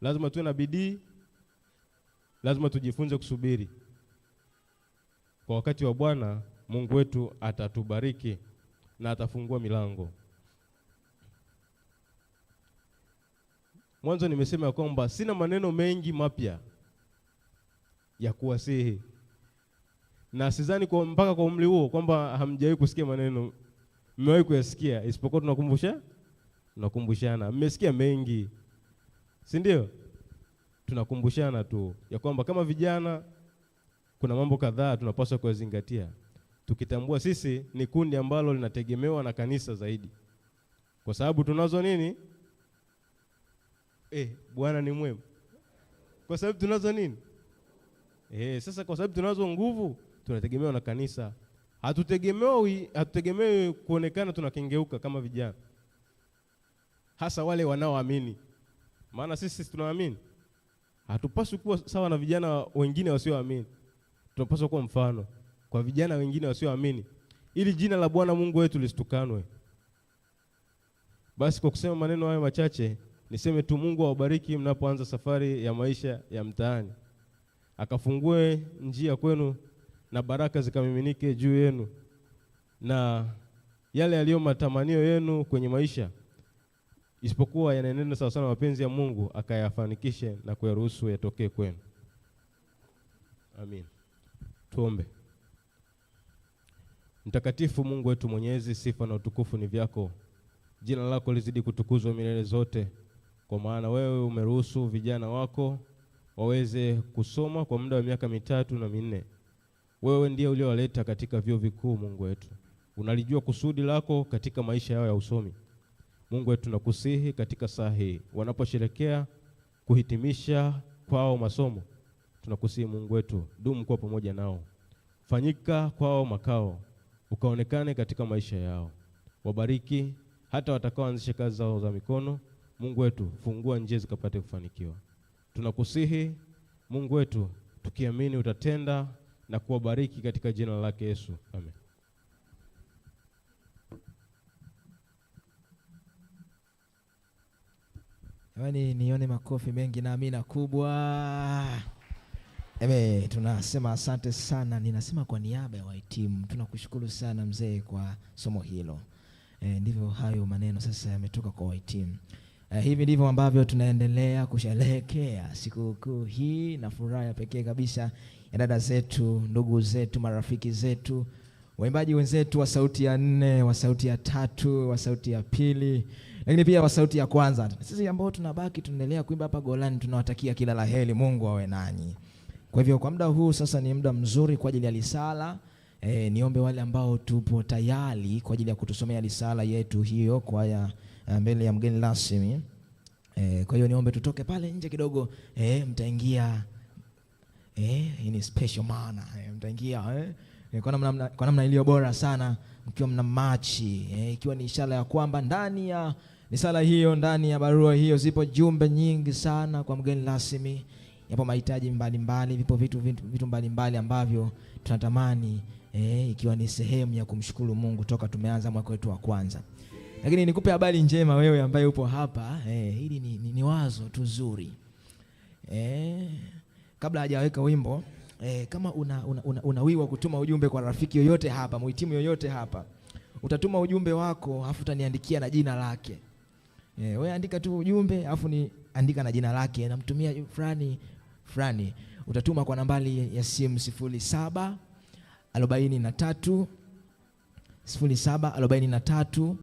lazima tuwe na bidii, lazima tujifunze kusubiri. Kwa wakati wa Bwana Mungu wetu atatubariki na atafungua milango. Mwanzo nimesema ya kwamba sina maneno mengi mapya ya kuwasihi, na sidhani kwa mpaka kwa umri huo kwamba hamjawahi kusikia maneno, mmewahi kuyasikia, isipokuwa tunakumbusha tunakumbushana, mmesikia mengi si ndio? Tunakumbushana tu ya kwamba kama vijana kuna mambo kadhaa tunapaswa kuyazingatia, tukitambua sisi ni kundi ambalo linategemewa na kanisa zaidi, kwa sababu tunazo nini? Eh, Bwana ni mwema. Kwa sababu tunazo nini? Eh, sasa kwa sababu tunazo nguvu, tunategemewa na kanisa. Hatutegemewi, hatutegemewi kuonekana tunakengeuka kama vijana, hasa wale wanaoamini maana sisi tunaamini, hatupaswi kuwa sawa na vijana wengine wasioamini. Tunapaswa kuwa mfano kwa vijana wengine wasioamini, ili jina la Bwana Mungu wetu lisitukanwe. Basi kwa kusema maneno hayo machache, niseme tu Mungu awabariki mnapoanza safari ya maisha ya mtaani, akafungue njia kwenu na baraka zikamiminike juu yenu na yale yaliyo matamanio yenu kwenye maisha isipokuwa yanaenenda sawa sana mapenzi ya Mungu akayafanikishe na kuyaruhusu yatokee kwenu. Amin. Tuombe. Mtakatifu Mungu wetu Mwenyezi, sifa na utukufu ni vyako. Jina lako lizidi kutukuzwa milele zote, kwa maana wewe umeruhusu vijana wako waweze kusoma kwa muda wa miaka mitatu na minne. Wewe ndiye uliowaleta katika vyuo vikuu. Mungu wetu, unalijua kusudi lako katika maisha yao ya usomi. Mungu wetu tunakusihi katika saa hii wanaposherekea kuhitimisha kwao masomo, tunakusihi Mungu wetu, dumu kuwa pamoja nao, fanyika kwao makao, ukaonekane katika maisha yao, wabariki hata watakaoanzisha kazi zao za mikono. Mungu wetu, fungua njia zikapate kufanikiwa. Tunakusihi Mungu wetu, tukiamini utatenda na kuwabariki katika jina lake Yesu, amen. Jamani, nione makofi mengi na amina kubwa. Eme, tunasema asante sana, ninasema kwa niaba ya wahitimu tunakushukuru sana mzee kwa somo hilo. E, ndivyo hayo maneno sasa yametoka kwa wahitimu. E, hivi ndivyo ambavyo tunaendelea kusherehekea sikukuu hii na furaha ya pekee kabisa ya dada zetu, ndugu zetu, marafiki zetu, waimbaji wenzetu wa sauti ya nne, wa sauti ya tatu, wa sauti ya pili lakini pia wa sauti ya kwanza. Sisi ambao tunabaki tunaendelea kuimba hapa Golani, tunawatakia kila la heri, Mungu awe nanyi. Kwa hivyo kwa muda huu sasa ni muda mzuri kwa ajili ya risala. E, niombe wale ambao tupo tayari kwa ajili ya kutusomea risala yetu hiyo kwa ya e, mbele ya mgeni rasmi. E, kwa hiyo niombe tutoke pale nje kidogo. E, mtaingia eh, ni special maana. E, mtaingia eh kwa namna, kwa namna iliyo bora sana mkiwa mna machi eh, ikiwa ni ishara ya kwamba ndani ya Misala hiyo, ndani ya barua hiyo zipo jumbe nyingi sana kwa mgeni rasmi. Yapo mahitaji mbalimbali, vipo vitu vitu, vitu mbalimbali ambavyo tunatamani eh, ikiwa ni sehemu ya kumshukuru Mungu toka tumeanza mwaka wetu wa kwanza. Lakini nikupe habari njema wewe ambaye upo hapa eh, hili ni, ni, ni wazo tu zuri eh, kabla hajaweka wimbo eh, kama una, una, una, unawiwa kutuma ujumbe kwa rafiki yoyote hapa, muhitimu yoyote hapa, utatuma ujumbe wako afu utaniandikia na jina lake Yeah, wewe andika tu ujumbe afu ni andika na jina lake namtumia fulani fulani, utatuma kwa nambari ya simu sifuri saba arobaini na tatu sifuri saba arobaini na tatu